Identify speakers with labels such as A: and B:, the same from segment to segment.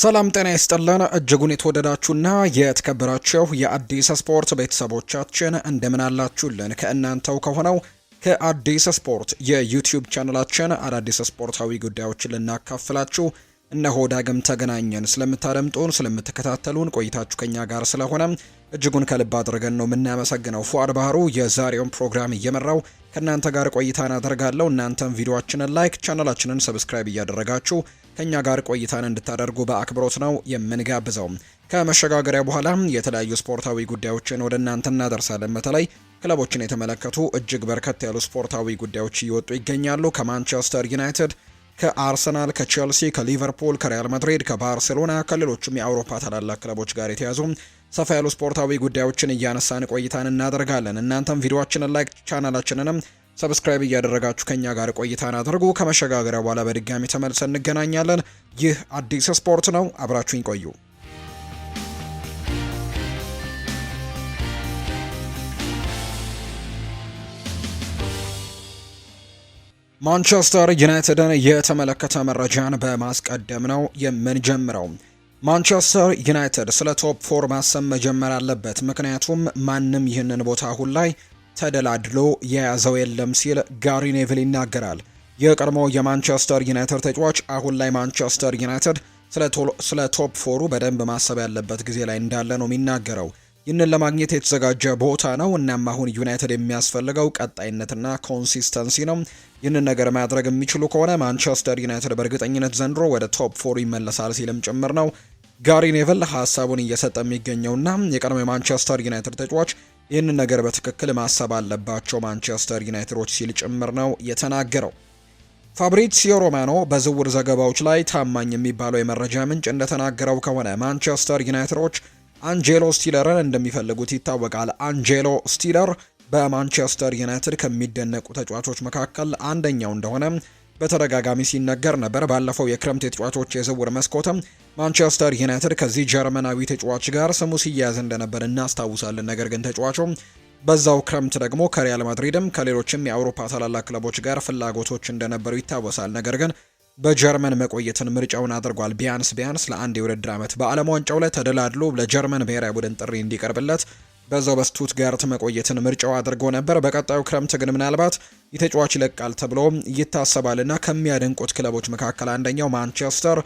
A: ሰላም ጤና ይስጥልን እጅጉን የተወደዳችሁና የተከበራችሁ የአዲስ ስፖርት ቤተሰቦቻችን እንደምን አላችሁልን? ከእናንተው ከሆነው ከአዲስ ስፖርት የዩቲዩብ ቻነላችን አዳዲስ ስፖርታዊ ጉዳዮችን ልናካፍላችሁ እነሆ ዳግም ተገናኘን። ስለምታደምጡን፣ ስለምትከታተሉን ቆይታችሁ ከኛ ጋር ስለሆነ እጅጉን ከልብ አድርገን ነው የምናመሰግነው። ፉአድ ባህሩ የዛሬውን ፕሮግራም እየመራው ከእናንተ ጋር ቆይታን አደርጋለሁ። እናንተም ቪዲዮችንን ላይክ፣ ቻነላችንን ሰብስክራይብ እያደረጋችሁ ከእኛ ጋር ቆይታን እንድታደርጉ በአክብሮት ነው የምንጋብዘው። ከመሸጋገሪያ በኋላ የተለያዩ ስፖርታዊ ጉዳዮችን ወደ እናንተ እናደርሳለን። በተለይ ክለቦችን የተመለከቱ እጅግ በርከት ያሉ ስፖርታዊ ጉዳዮች እየወጡ ይገኛሉ። ከማንቸስተር ዩናይትድ፣ ከአርሰናል፣ ከቼልሲ፣ ከሊቨርፑል፣ ከሪያል ማድሪድ፣ ከባርሴሎና፣ ከሌሎችም የአውሮፓ ታላላቅ ክለቦች ጋር የተያዙ ሰፋ ያሉ ስፖርታዊ ጉዳዮችን እያነሳን ቆይታን እናደርጋለን። እናንተም ቪዲዮችንን ላይክ ቻናላችንንም ሰብስክራይብ እያደረጋችሁ ከኛ ጋር ቆይታን አድርጉ። ከመሸጋገሪያ በኋላ በድጋሚ ተመልሰን እንገናኛለን። ይህ አዲስ ስፖርት ነው። አብራችሁኝ ቆዩ። ማንቸስተር ዩናይትድን የተመለከተ መረጃን በማስቀደም ነው የምንጀምረው። ማንቸስተር ዩናይትድ ስለ ቶፕ ፎር ማሰብ መጀመር አለበት፣ ምክንያቱም ማንም ይህንን ቦታ አሁን ላይ ተደላድሎ የያዘው የለም ሲል ጋሪ ኔቪል ይናገራል። የቀድሞ የማንቸስተር ዩናይትድ ተጫዋች አሁን ላይ ማንቸስተር ዩናይትድ ስለ ቶፕ ፎሩ በደንብ ማሰብ ያለበት ጊዜ ላይ እንዳለ ነው የሚናገረው። ይህንን ለማግኘት የተዘጋጀ ቦታ ነው። እናም አሁን ዩናይትድ የሚያስፈልገው ቀጣይነትና ኮንሲስተንሲ ነው። ይህንን ነገር ማድረግ የሚችሉ ከሆነ ማንቸስተር ዩናይትድ በእርግጠኝነት ዘንድሮ ወደ ቶፕ ፎሩ ይመለሳል ሲልም ጭምር ነው ጋሪ ኔቭል ሀሳቡን እየሰጠ የሚገኘውና የቀድሞ የማንቸስተር ዩናይትድ ተጫዋች ይህንን ነገር በትክክል ማሰብ አለባቸው ማንቸስተር ዩናይትዶች ሲል ጭምር ነው የተናገረው። ፋብሪዚዮ ሮማኖ በዝውውር ዘገባዎች ላይ ታማኝ የሚባለው የመረጃ ምንጭ እንደተናገረው ከሆነ ማንቸስተር ዩናይትዶች አንጄሎ ስቲለርን እንደሚፈልጉት ይታወቃል። አንጄሎ ስቲለር በማንቸስተር ዩናይትድ ከሚደነቁ ተጫዋቾች መካከል አንደኛው እንደሆነ በተደጋጋሚ ሲነገር ነበር። ባለፈው የክረምት የተጫዋቾች የዝውውር መስኮትም ማንቸስተር ዩናይትድ ከዚህ ጀርመናዊ ተጫዋች ጋር ስሙ ሲያያዝ እንደነበር እናስታውሳለን። ነገር ግን ተጫዋቹ በዛው ክረምት ደግሞ ከሪያል ማድሪድም ከሌሎችም የአውሮፓ ታላላቅ ክለቦች ጋር ፍላጎቶች እንደነበሩ ይታወሳል። ነገር ግን በጀርመን መቆየትን ምርጫውን አድርጓል። ቢያንስ ቢያንስ ለአንድ የውድድር ዓመት በዓለም ዋንጫው ላይ ተደላድሎ ለጀርመን ብሔራዊ ቡድን ጥሪ እንዲቀርብለት በዛው በስቱትጋርት መቆየትን ምርጫው አድርጎ ነበር። በቀጣዩ ክረምት ግን ምናልባት የተጫዋች ይለቃል ተብሎ ይታሰባልና ከሚያደንቁት ክለቦች መካከል አንደኛው ማንቸስተር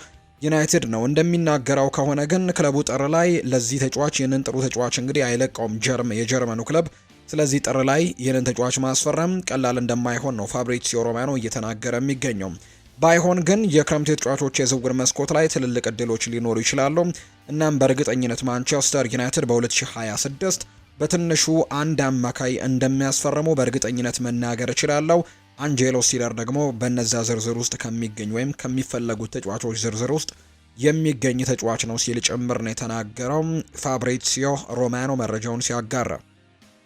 A: ዩናይትድ ነው። እንደሚናገረው ከሆነ ግን ክለቡ ጥር ላይ ለዚህ ተጫዋች ይህንን ጥሩ ተጫዋች እንግዲህ አይለቀውም ጀርመ የጀርመኑ ክለብ። ስለዚህ ጥር ላይ ይህንን ተጫዋች ማስፈረም ቀላል እንደማይሆን ነው ፋብሪዚዮ ሮማኖ እየተናገረ የሚገኘው። ባይሆን ግን የክረምት ተጫዋቾች የዝውውር መስኮት ላይ ትልልቅ እድሎች ሊኖሩ ይችላሉ። እናም በእርግጠኝነት ማንቸስተር ዩናይትድ በ2026 በትንሹ አንድ አማካይ እንደሚያስፈርሙ በእርግጠኝነት መናገር እችላለሁ። አንጄሎ ሲለር ደግሞ በነዛ ዝርዝር ውስጥ ከሚገኝ ወይም ከሚፈለጉት ተጫዋቾች ዝርዝር ውስጥ የሚገኝ ተጫዋች ነው ሲል ጭምር ነው የተናገረው ፋብሪሲዮ ሮማኖ መረጃውን ሲያጋራ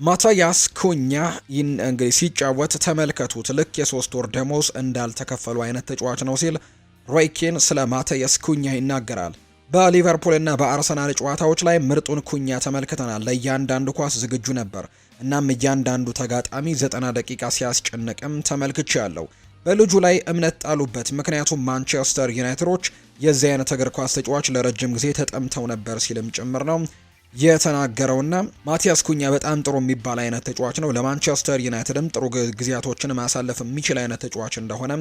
A: ማታያስ ኩኛ ይህን እንግዲህ ሲጫወት ተመልከቱት። ልክ የሶስት ወር ደሞዝ እንዳልተከፈሉ አይነት ተጫዋች ነው ሲል ሮይኬን ስለ ማታያስ ኩኛ ይናገራል። በሊቨርፑልና በአርሰናል ጨዋታዎች ላይ ምርጡን ኩኛ ተመልክተናል። ለእያንዳንዱ ኳስ ዝግጁ ነበር፣ እናም እያንዳንዱ ተጋጣሚ ዘጠና ደቂቃ ሲያስጨንቅም ተመልክቼ ያለው። በልጁ ላይ እምነት ጣሉበት፣ ምክንያቱም ማንቸስተር ዩናይትዶች የዚህ አይነት እግር ኳስ ተጫዋች ለረጅም ጊዜ ተጠምተው ነበር ሲልም ጭምር ነው የተናገረውና ማቲያስ ኩኛ በጣም ጥሩ የሚባል አይነት ተጫዋች ነው። ለማንቸስተር ዩናይትድም ጥሩ ጊዜያቶችን ማሳለፍ የሚችል አይነት ተጫዋች እንደሆነ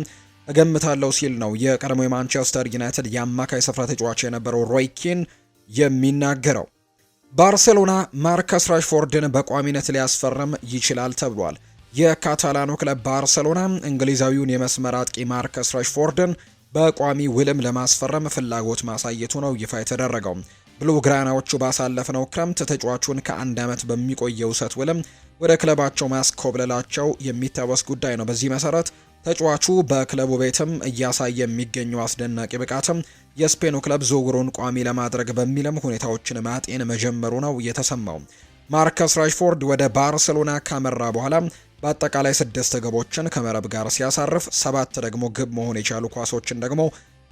A: እገምታለሁ ሲል ነው የቀድሞ የማንቸስተር ዩናይትድ የአማካይ ስፍራ ተጫዋች የነበረው ሮይኪን የሚናገረው። ባርሴሎና ማርከስ ራሽፎርድን በቋሚነት ሊያስፈርም ይችላል ተብሏል። የካታላኑ ክለብ ባርሴሎና እንግሊዛዊውን የመስመር አጥቂ ማርከስ ራሽፎርድን በቋሚ ውልም ለማስፈረም ፍላጎት ማሳየቱ ነው ይፋ የተደረገው። ብሉግራናዎቹ ባሳለፍነው ክረምት ተጫዋቹን ከአንድ ዓመት በሚቆየው ውሰት ውልም ወደ ክለባቸው ማስኮብለላቸው የሚታወስ ጉዳይ ነው። በዚህ መሰረት ተጫዋቹ በክለቡ ቤትም እያሳየ የሚገኘው አስደናቂ ብቃትም የስፔኑ ክለብ ዝውውሩን ቋሚ ለማድረግ በሚልም ሁኔታዎችን ማጤን መጀመሩ ነው የተሰማው። ማርከስ ራሽፎርድ ወደ ባርሴሎና ካመራ በኋላ በአጠቃላይ ስድስት ግቦችን ከመረብ ጋር ሲያሳርፍ ሰባት ደግሞ ግብ መሆን የቻሉ ኳሶችን ደግሞ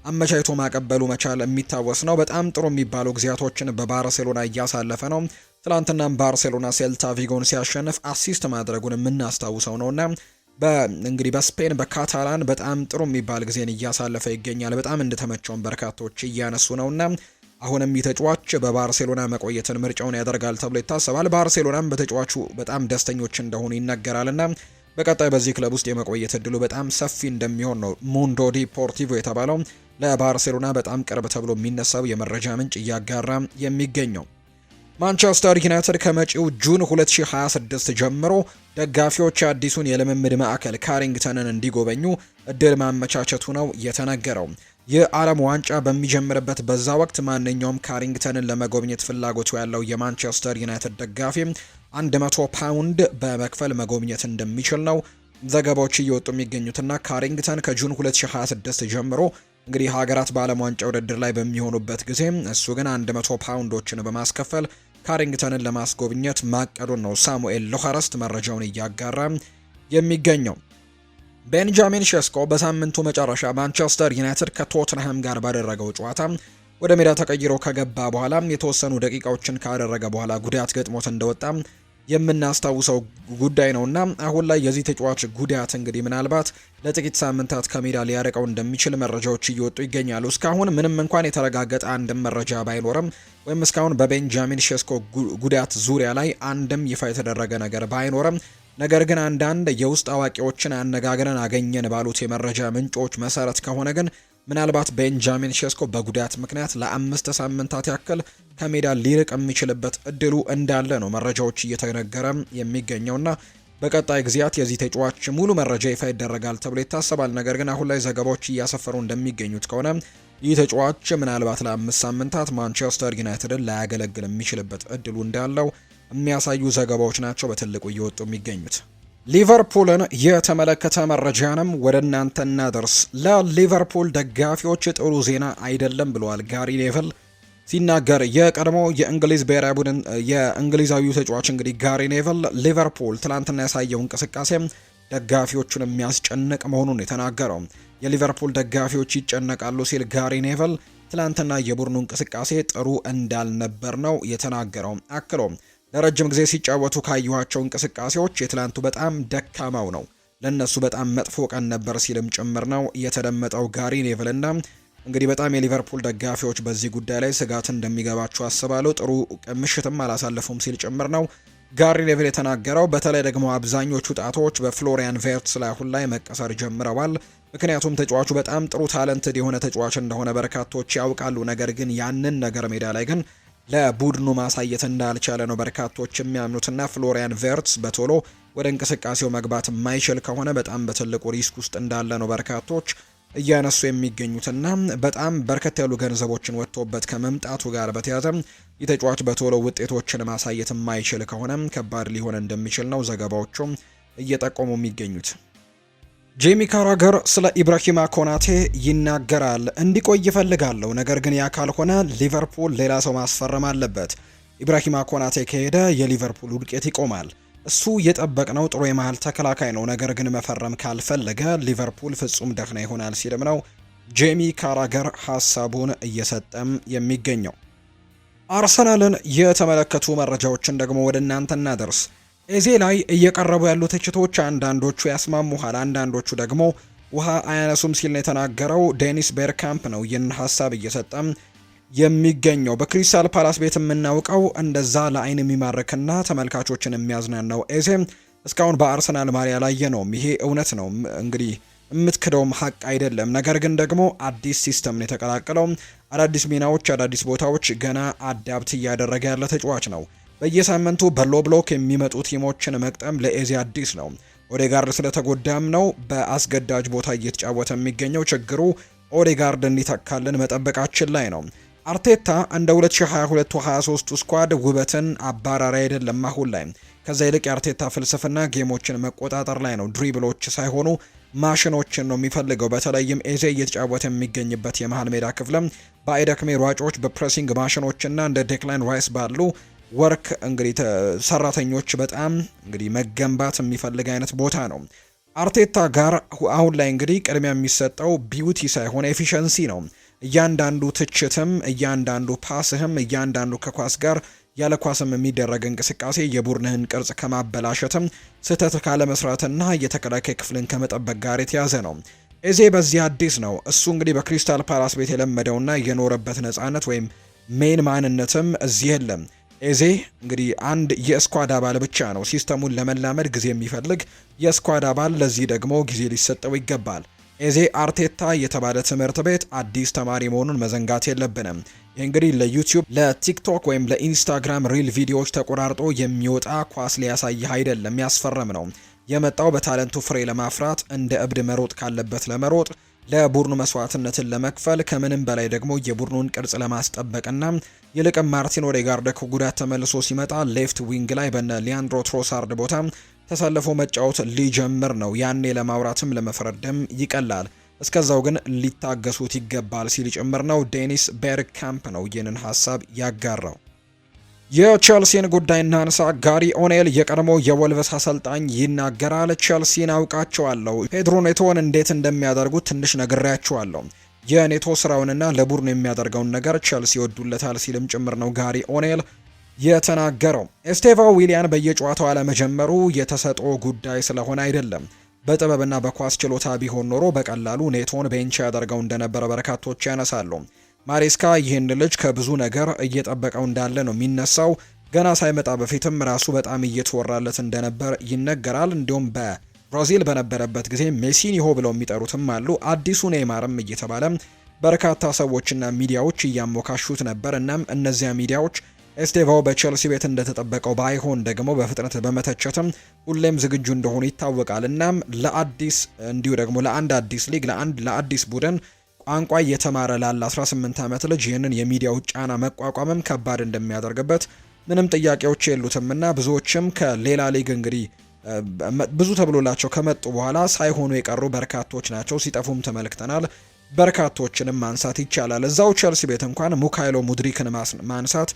A: አመቻይቶ ማቀበሉ መቻል የሚታወስ ነው። በጣም ጥሩ የሚባሉ ጊዜያቶችን በባርሴሎና እያሳለፈ ነው። ትላንትናም ባርሴሎና ሴልታ ቪጎን ሲያሸንፍ አሲስት ማድረጉን የምናስታውሰው ነውና በእንግዲህ በስፔን በካታላን በጣም ጥሩ የሚባል ጊዜን እያሳለፈ ይገኛል። በጣም እንደተመቸውን በርካቶች እያነሱ ነውና አሁንም ተጫዋች በባርሴሎና መቆየትን ምርጫውን ያደርጋል ተብሎ ይታሰባል። ባርሴሎናም በተጫዋቹ በጣም ደስተኞች እንደሆኑ ይነገራልና በቀጣይ በዚህ ክለብ ውስጥ የመቆየት እድሉ በጣም ሰፊ እንደሚሆን ነው ሙንዶ ዲፖርቲቮ የተባለው ለባርሴሎና በጣም ቅርብ ተብሎ የሚነሳው የመረጃ ምንጭ እያጋራ የሚገኘው ማንቸስተር ዩናይትድ ከመጪው ጁን 2026 ጀምሮ ደጋፊዎች አዲሱን የልምምድ ማዕከል ካሪንግተንን እንዲጎበኙ እድል ማመቻቸቱ ነው የተነገረው። የዓለም ዋንጫ በሚጀምርበት በዛ ወቅት ማንኛውም ካሪንግተንን ለመጎብኘት ፍላጎቱ ያለው የማንቸስተር ዩናይትድ ደጋፊ 100 ፓውንድ በመክፈል መጎብኘት እንደሚችል ነው ዘገባዎች እየወጡ የሚገኙትና ካሪንግተን ከጁን 2026 ጀምሮ እንግዲህ ሀገራት በዓለም ዋንጫ ውድድር ላይ በሚሆኑበት ጊዜ እሱ ግን 100 ፓውንዶችን በማስከፈል ካሪንግተንን ለማስጎብኘት ማቀዱን ነው ሳሙኤል ሎኸረስት መረጃውን እያጋራ የሚገኘው። ቤንጃሚን ሸስኮ በሳምንቱ መጨረሻ ማንቸስተር ዩናይትድ ከቶትንሃም ጋር ባደረገው ጨዋታ ወደ ሜዳ ተቀይሮ ከገባ በኋላ የተወሰኑ ደቂቃዎችን ካደረገ በኋላ ጉዳት ገጥሞት እንደወጣ የምናስታውሰው ጉዳይ ነውና አሁን ላይ የዚህ ተጫዋች ጉዳት እንግዲህ ምናልባት ለጥቂት ሳምንታት ከሜዳ ሊያርቀው እንደሚችል መረጃዎች እየወጡ ይገኛሉ። እስካሁን ምንም እንኳን የተረጋገጠ አንድም መረጃ ባይኖርም ወይም እስካሁን በቤንጃሚን ሼስኮ ጉዳት ዙሪያ ላይ አንድም ይፋ የተደረገ ነገር ባይኖርም ነገር ግን አንዳንድ የውስጥ አዋቂዎችን አነጋግረን አገኘን ባሉት የመረጃ ምንጮች መሰረት ከሆነ ግን ምናልባት ቤንጃሚን ሼስኮ በጉዳት ምክንያት ለአምስት ሳምንታት ያክል ከሜዳ ሊርቅ የሚችልበት እድሉ እንዳለ ነው መረጃዎች እየተነገረ የሚገኘውና በቀጣይ ጊዜያት የዚህ ተጫዋች ሙሉ መረጃ ይፋ ይደረጋል ተብሎ ይታሰባል። ነገር ግን አሁን ላይ ዘገባዎች እያሰፈሩ እንደሚገኙት ከሆነ ይህ ተጫዋች ምናልባት ለአምስት ሳምንታት ማንቸስተር ዩናይትድን ላያገለግል የሚችልበት እድሉ እንዳለው የሚያሳዩ ዘገባዎች ናቸው በትልቁ እየወጡ የሚገኙት። ሊቨርፑልን የተመለከተ መረጃንም ወደ እናንተ እናደርስ። ለሊቨርፑል ደጋፊዎች ጥሩ ዜና አይደለም ብለዋል ጋሪ ኔቭል ሲናገር የቀድሞ የእንግሊዝ ብሔራዊ ቡድን የእንግሊዛዊው ተጫዋች እንግዲህ ጋሪ ኔቨል ሊቨርፑል ትላንትና ያሳየው እንቅስቃሴ ደጋፊዎቹን የሚያስጨንቅ መሆኑን የተናገረው የሊቨርፑል ደጋፊዎች ይጨነቃሉ ሲል ጋሪ ኔቨል ትላንትና የቡድኑ እንቅስቃሴ ጥሩ እንዳልነበር ነው የተናገረው። አክሎ ለረጅም ጊዜ ሲጫወቱ ካየኋቸው እንቅስቃሴዎች የትላንቱ በጣም ደካማው ነው። ለእነሱ በጣም መጥፎ ቀን ነበር ሲልም ጭምር ነው የተደመጠው ጋሪ ኔቭልና እንግዲህ በጣም የሊቨርፑል ደጋፊዎች በዚህ ጉዳይ ላይ ስጋት እንደሚገባቸው አስባለሁ። ጥሩ ምሽትም አላሳለፉም ሲል ጭምር ነው ጋሪ ኔቭል የተናገረው። በተለይ ደግሞ አብዛኞቹ ጣቶች በፍሎሪያን ቬርትስ ላይ አሁን ላይ መቀሰር ጀምረዋል። ምክንያቱም ተጫዋቹ በጣም ጥሩ ታለንትድ የሆነ ተጫዋች እንደሆነ በርካቶች ያውቃሉ። ነገር ግን ያንን ነገር ሜዳ ላይ ግን ለቡድኑ ማሳየት እንዳልቻለ ነው በርካቶች የሚያምኑትና ፍሎሪያን ቨርትስ በቶሎ ወደ እንቅስቃሴው መግባት የማይችል ከሆነ በጣም በትልቁ ሪስክ ውስጥ እንዳለ ነው በርካቶች እያነሱ የሚገኙትና በጣም በርከት ያሉ ገንዘቦችን ወጥቶበት ከመምጣቱ ጋር በተያዘ የተጫዋች በቶሎ ውጤቶችን ማሳየት የማይችል ከሆነ ከባድ ሊሆን እንደሚችል ነው ዘገባዎቹ እየጠቆሙ የሚገኙት። ጄሚ ካራገር ስለ ኢብራሂማ ኮናቴ ይናገራል። እንዲቆይ ይፈልጋለሁ፣ ነገር ግን ያ ካልሆነ ሊቨርፑል ሌላ ሰው ማስፈረም አለበት። ኢብራሂማ ኮናቴ ከሄደ የሊቨርፑል ውድቄት ይቆማል። እሱ የጠበቅነው ጥሩ የመሀል ተከላካይ ነው፣ ነገር ግን መፈረም ካልፈለገ ሊቨርፑል ፍጹም ደህና ይሆናል ሲልም ነው ጄሚ ካራገር ሀሳቡን እየሰጠም የሚገኘው። አርሰናልን የተመለከቱ መረጃዎችን ደግሞ ወደ እናንተ እናደርስ። ኤዜ ላይ እየቀረቡ ያሉ ትችቶች አንዳንዶቹ ያስማሙሃል፣ አንዳንዶቹ ደግሞ ውሃ አያነሱም ሲል ነው የተናገረው። ዴኒስ ቤርካምፕ ነው ይህን ሀሳብ እየሰጠም የሚገኘው። በክሪስታል ፓላስ ቤት የምናውቀው እንደዛ ለአይን የሚማርክና ተመልካቾችን የሚያዝናናው ኤዜ እስካሁን በአርሰናል ማሊያ ላይ የነውም። ይሄ እውነት ነው እንግዲህ የምትክደውም ሀቅ አይደለም። ነገር ግን ደግሞ አዲስ ሲስተም ነው የተቀላቀለው። አዳዲስ ሚናዎች፣ አዳዲስ ቦታዎች ገና አዳብት እያደረገ ያለ ተጫዋች ነው። በየሳምንቱ በሎ ብሎክ የሚመጡ ቲሞችን መቅጠም ለኤዚ አዲስ ነው። ኦዴጋርድ ስለተጎዳም ነው በአስገዳጅ ቦታ እየተጫወተ የሚገኘው። ችግሩ ኦዴጋርድ እንዲተካልን መጠበቃችን ላይ ነው። አርቴታ እንደ 2022-23 ስኳድ ውበትን አባራሪ አይደለም። አሁን ላይ ከዛ ይልቅ የአርቴታ ፍልስፍና ጌሞችን መቆጣጠር ላይ ነው። ድሪብሎች ሳይሆኑ ማሽኖችን ነው የሚፈልገው። በተለይም ኤዜ እየተጫወተ የሚገኝበት የመሃል ሜዳ ክፍልም በአይደክሜ ሯጮች፣ በፕሬሲንግ ማሽኖችና እንደ ዴክላይን ራይስ ባሉ ወርክ እንግዲህ ሰራተኞች በጣም እንግዲህ መገንባት የሚፈልግ አይነት ቦታ ነው። አርቴታ ጋር አሁን ላይ እንግዲህ ቅድሚያ የሚሰጠው ቢዩቲ ሳይሆን ኤፊሸንሲ ነው። እያንዳንዱ ትችትም፣ እያንዳንዱ ፓስህም፣ እያንዳንዱ ከኳስ ጋር ያለ ኳስም የሚደረግ እንቅስቃሴ የቡድንህን ቅርጽ ከማበላሸትም ስህተት ካለመስራትና የተከላካይ ክፍልን ከመጠበቅ ጋር የተያዘ ነው። ኤዜ በዚህ አዲስ ነው። እሱ እንግዲህ በክሪስታል ፓላስ ቤት የለመደውና የኖረበት ነፃነት ወይም ሜን ማንነትም እዚህ የለም። ኤዜ እንግዲህ አንድ የስኳድ አባል ብቻ ነው። ሲስተሙን ለመላመድ ጊዜ የሚፈልግ የስኳድ አባል፣ ለዚህ ደግሞ ጊዜ ሊሰጠው ይገባል። ኤዜ አርቴታ የተባለ ትምህርት ቤት አዲስ ተማሪ መሆኑን መዘንጋት የለብንም። ይህ እንግዲህ ለዩቲዩብ ለቲክቶክ ወይም ለኢንስታግራም ሪል ቪዲዮዎች ተቆራርጦ የሚወጣ ኳስ ሊያሳይህ አይደለም፣ ያስፈረም ነው። የመጣው በታለንቱ ፍሬ ለማፍራት እንደ እብድ መሮጥ ካለበት ለመሮጥ ለቡድኑ መስዋዕትነትን ለመክፈል ከምንም በላይ ደግሞ የቡድኑን ቅርጽ ለማስጠበቅና ይልቅም ማርቲን ኦዴጋርድ ከጉዳት ተመልሶ ሲመጣ ሌፍት ዊንግ ላይ በነ ሊያንድሮ ትሮሳርድ ቦታ ተሰልፎ መጫወት ሊጀምር ነው። ያኔ ለማውራትም ለመፍረድም ይቀላል። እስከዛው ግን ሊታገሱት ይገባል ሲል ጭምር ነው ዴኒስ ቤርካምፕ ነው ይህንን ሀሳብ ያጋራው። የቸልሲን ጉዳይ እናንሳ። ጋሪ ኦኔል የቀድሞ የወልቨስ አሰልጣኝ ይናገራል። ቸልሲን አውቃቸዋለሁ፣ ፔድሮ ኔቶን እንዴት እንደሚያደርጉት ትንሽ ነግሬያቸዋለሁ። የኔቶ ስራውንና ለቡድኑ የሚያደርገውን ነገር ቸልሲ ወዱለታል ሲልም ጭምር ነው ጋሪ ኦኔል የተናገረው። ኤስቴቫ ዊሊያን በየጨዋታው አለመጀመሩ የተሰጦ ጉዳይ ስለሆነ አይደለም። በጥበብና በኳስ ችሎታ ቢሆን ኖሮ በቀላሉ ኔቶን ቤንች ያደርገው እንደነበረ በርካቶች ያነሳሉ። ማሬስካ ይህን ልጅ ከብዙ ነገር እየጠበቀው እንዳለ ነው የሚነሳው። ገና ሳይመጣ በፊትም ራሱ በጣም እየተወራለት እንደነበር ይነገራል። እንዲሁም በብራዚል በነበረበት ጊዜ ሜሲኒሆ ብለው የሚጠሩትም አሉ። አዲሱ ኔይማርም እየተባለ በርካታ ሰዎችና ሚዲያዎች እያሞካሹት ነበር። እናም እነዚያ ሚዲያዎች ኤስቴቫው በቼልሲ ቤት እንደተጠበቀው ባይሆን ደግሞ በፍጥነት በመተቸትም ሁሌም ዝግጁ እንደሆኑ ይታወቃል። እናም ለአዲስ እንዲሁ ደግሞ ለአንድ አዲስ ሊግ ለአንድ ለአዲስ ቡድን ቋንቋ እየተማረ ላለ 18 ዓመት ልጅ ይህንን የሚዲያው ጫና መቋቋምም ከባድ እንደሚያደርግበት ምንም ጥያቄዎች የሉትምና ብዙዎችም ከሌላ ሊግ እንግዲህ ብዙ ተብሎላቸው ከመጡ በኋላ ሳይሆኑ የቀሩ በርካቶች ናቸው። ሲጠፉም ተመልክተናል። በርካቶችንም ማንሳት ይቻላል። እዛው ቸልሲ ቤት እንኳን ሙካይሎ ሙድሪክን ማንሳት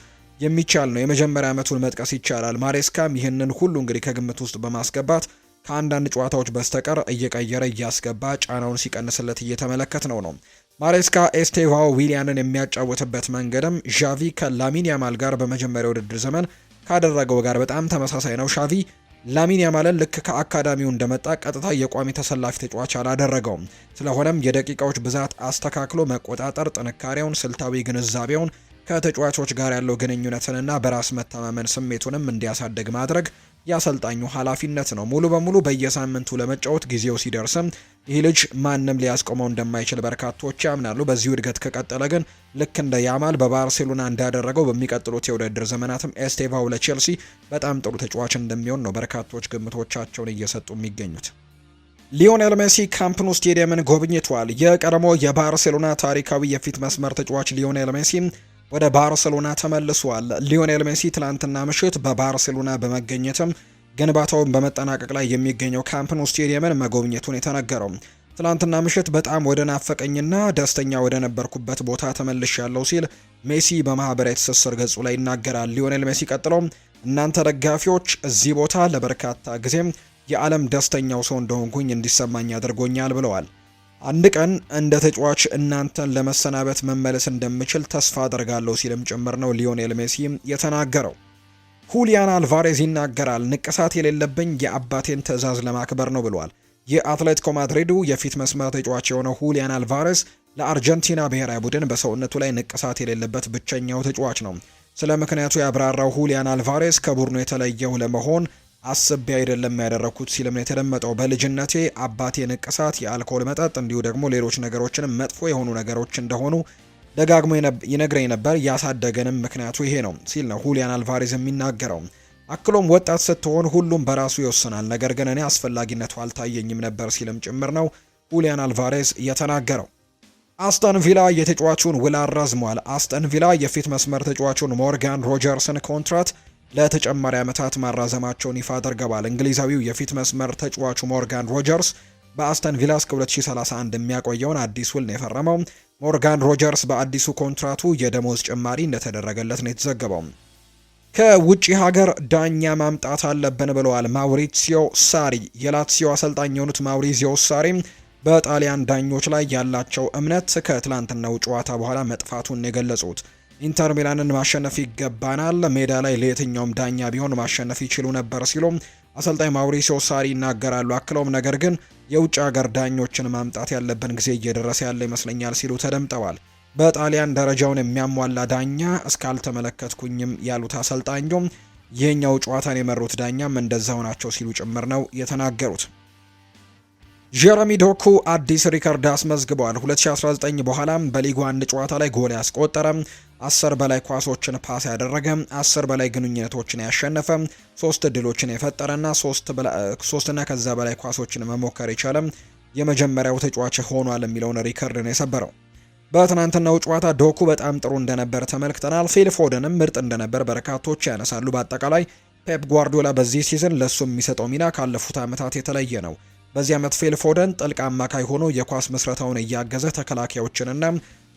A: የሚቻል ነው። የመጀመሪያ ዓመቱን መጥቀስ ይቻላል። ማሬስካም ይህንን ሁሉ እንግዲህ ከግምት ውስጥ በማስገባት ከአንዳንድ ጨዋታዎች በስተቀር እየቀየረ እያስገባ ጫናውን ሲቀንስለት እየተመለከት ነው ነው ማሬስካ ኤስቴዋ ዊሊያንን የሚያጫወትበት መንገድም ዣቪ ከላሚን ያማል ጋር በመጀመሪያ ውድድር ዘመን ካደረገው ጋር በጣም ተመሳሳይ ነው። ሻቪ ላሚን ያማልን ልክ ከአካዳሚው እንደመጣ ቀጥታ የቋሚ ተሰላፊ ተጫዋች አላደረገውም። ስለሆነም የደቂቃዎች ብዛት አስተካክሎ መቆጣጠር ጥንካሬውን፣ ስልታዊ ግንዛቤውን ከተጫዋቾች ጋር ያለው ግንኙነትንና በራስ መተማመን ስሜቱንም እንዲያሳድግ ማድረግ የአሰልጣኙ ኃላፊነት ነው። ሙሉ በሙሉ በየሳምንቱ ለመጫወት ጊዜው ሲደርስም ይህ ልጅ ማንም ሊያስቆመው እንደማይችል በርካቶች ያምናሉ። በዚሁ እድገት ከቀጠለ ግን ልክ እንደ ያማል በባርሴሎና እንዳደረገው በሚቀጥሉት የውድድር ዘመናትም ኤስቴቫው ለቼልሲ በጣም ጥሩ ተጫዋች እንደሚሆን ነው በርካቶች ግምቶቻቸውን እየሰጡ የሚገኙት። ሊዮኔል ሜሲ ካምፕ ኑ ስቴዲየምን ጎብኝቷል። የቀድሞ የባርሴሎና ታሪካዊ የፊት መስመር ተጫዋች ሊዮኔል ሜሲ ወደ ባርሴሎና ተመልሷል። ሊዮኔል ሜሲ ትላንትና ምሽት በባርሴሎና በመገኘትም ግንባታውን በመጠናቀቅ ላይ የሚገኘው ኑ ስቴዲየምን መጎብኘቱን የተነገረው ትላንትና ምሽት በጣም ወደ ናፈቀኝና ደስተኛ ወደ ነበርኩበት ቦታ ተመልሻለሁ ሲል ሜሲ በማህበራዊ ትስስር ገጹ ላይ ይናገራል። ሊዮኔል ሜሲ ቀጥሎ እናንተ ደጋፊዎች እዚህ ቦታ ለበርካታ ጊዜም የዓለም ደስተኛው ሰው እንደሆንኩኝ እንዲሰማኝ አድርጎኛል ብለዋል። አንድ ቀን እንደ ተጫዋች እናንተን ለመሰናበት መመለስ እንደምችል ተስፋ አደርጋለሁ ሲልም ጭምር ነው ሊዮኔል ሜሲ የተናገረው። ሁሊያን አልቫሬዝ ይናገራል። ንቅሳት የሌለብኝ የአባቴን ትዕዛዝ ለማክበር ነው ብሏል። የአትሌቲኮ ማድሪዱ የፊት መስመር ተጫዋች የሆነው ሁሊያን አልቫሬዝ ለአርጀንቲና ብሔራዊ ቡድን በሰውነቱ ላይ ንቅሳት የሌለበት ብቸኛው ተጫዋች ነው። ስለ ምክንያቱ ያብራራው ሁሊያን አልቫሬዝ ከቡድኑ የተለየው ለመሆን አስቤ አይደለም ያደረኩት ሲልም ነው የተደመጠው። በልጅነቴ አባቴ ንቅሳት፣ የአልኮል መጠጥ እንዲሁ ደግሞ ሌሎች ነገሮችንም መጥፎ የሆኑ ነገሮች እንደሆኑ ደጋግሞ ይነግረኝ ነበር። ያሳደገንም ምክንያቱ ይሄ ነው ሲል ነው ሁሊያን አልቫሬዝ የሚናገረው። አክሎም ወጣት ስትሆን ሁሉም በራሱ ይወስናል፣ ነገር ግን እኔ አስፈላጊነቱ አልታየኝም ነበር ሲልም ጭምር ነው ሁሊያን አልቫሬዝ የተናገረው። አስተን ቪላ የተጫዋቹን ውል አራዝሟል። አስተን ቪላ የፊት መስመር ተጫዋቹን ሞርጋን ሮጀርስን ኮንትራት ለተጨማሪ ዓመታት ማራዘማቸውን ይፋ አድርገዋል። እንግሊዛዊው የፊት መስመር ተጫዋቹ ሞርጋን ሮጀርስ በአስተን ቪላ እስከ 2031 የሚያቆየውን አዲስ ውል ነው የፈረመው። ሞርጋን ሮጀርስ በአዲሱ ኮንትራቱ የደሞዝ ጭማሪ እንደተደረገለት ነው የተዘገበው። ከውጭ ሀገር ዳኛ ማምጣት አለብን ብለዋል ማውሪሲዮ ሳሪ። የላትሲዮ አሰልጣኝ የሆኑት ማውሪሲዮ ሳሪ በጣሊያን ዳኞች ላይ ያላቸው እምነት ከትላንትናው ጨዋታ በኋላ መጥፋቱን የገለጹት ኢንተር ሚላንን ማሸነፍ ይገባናል፣ ሜዳ ላይ ለየትኛውም ዳኛ ቢሆን ማሸነፍ ይችሉ ነበር ሲሉ አሰልጣኝ ማውሪሲዮ ሳሪ ይናገራሉ። አክለውም ነገር ግን የውጭ ሀገር ዳኞችን ማምጣት ያለብን ጊዜ እየደረሰ ያለ ይመስለኛል ሲሉ ተደምጠዋል። በጣሊያን ደረጃውን የሚያሟላ ዳኛ እስካልተመለከትኩኝም ያሉት አሰልጣኙም ይህኛው ጨዋታን የመሩት ዳኛም እንደዛው ናቸው ሲሉ ጭምር ነው የተናገሩት። ጀረሚ ዶኩ አዲስ ሪከርድ አስመዝግቧል። 2019 በኋላ በሊጉ አንድ ጨዋታ ላይ ጎል ያስቆጠረ፣ አስር በላይ ኳሶችን ፓስ ያደረገ፣ አስር በላይ ግንኙነቶችን ያሸነፈ፣ ሶስት እድሎችን የፈጠረና 3 ከዛ በላይ ኳሶችን መሞከር የቻለ የመጀመሪያው ተጫዋች ሆኗል የሚለውን ሪከርድ ነው የሰበረው። በትናንትናው ጨዋታ ዶኩ በጣም ጥሩ እንደነበር ተመልክተናል። ፊል ፎደንም ምርጥ እንደነበር በርካቶች ያነሳሉ። በአጠቃላይ ፔፕ ጓርዲዮላ በዚህ ሲዝን ለእሱ የሚሰጠው ሚና ካለፉት ዓመታት የተለየ ነው። በዚህ ዓመት ፊል ፎደን ጥልቅ አማካይ ሆኖ የኳስ መስረታውን እያገዘ ተከላካዮችንና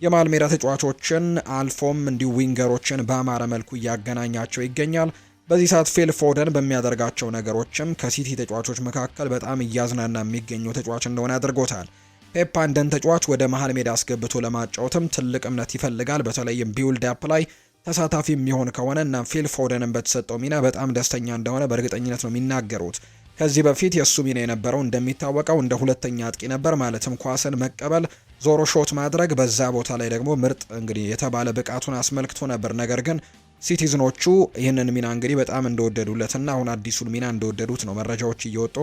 A: የመሃል ሜዳ ተጫዋቾችን አልፎም እንዲሁ ዊንገሮችን በአማረ መልኩ እያገናኛቸው ይገኛል። በዚህ ሰዓት ፊል ፎደን በሚያደርጋቸው ነገሮችም ከሲቲ ተጫዋቾች መካከል በጣም እያዝናና የሚገኘው ተጫዋች እንደሆነ አድርጎታል። ፔፕ አንድን ተጫዋች ወደ መሃል ሜዳ አስገብቶ ለማጫወትም ትልቅ እምነት ይፈልጋል። በተለይም ቢውልድ አፕ ላይ ተሳታፊ የሚሆን ከሆነ እና ፊል ፎደንን በተሰጠው ሚና በጣም ደስተኛ እንደሆነ በእርግጠኝነት ነው የሚናገሩት። ከዚህ በፊት የእሱ ሚና የነበረው እንደሚታወቀው እንደ ሁለተኛ አጥቂ ነበር። ማለትም ኳስን መቀበል፣ ዞሮ ሾት ማድረግ፣ በዛ ቦታ ላይ ደግሞ ምርጥ እንግዲህ የተባለ ብቃቱን አስመልክቶ ነበር። ነገር ግን ሲቲዝኖቹ ይህንን ሚና እንግዲህ በጣም እንደወደዱለትና አሁን አዲሱን ሚና እንደወደዱት ነው መረጃዎች እየወጡ